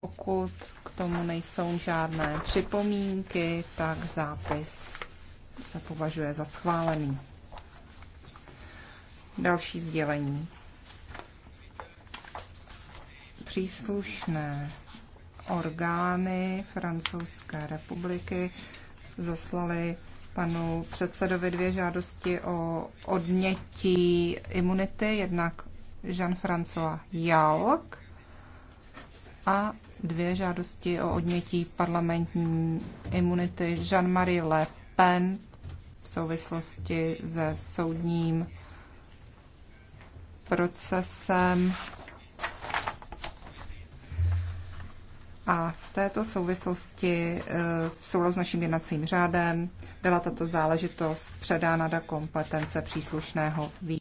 Pokud k tomu nejsou žádné připomínky, tak zápis se považuje za schválený. Další sdělení. Příslušné orgány Francouzské republiky zaslali panu předsedovi dvě žádosti o odnětí imunity, jednak Jean-François Jalk a dvě žádosti o odnětí parlamentní imunity Jean-Marie Le Pen v souvislosti se soudním procesem. A v této souvislosti eh, v souladu s naším jednacím řádem byla tato záležitost předána do kompetence příslušného výboru.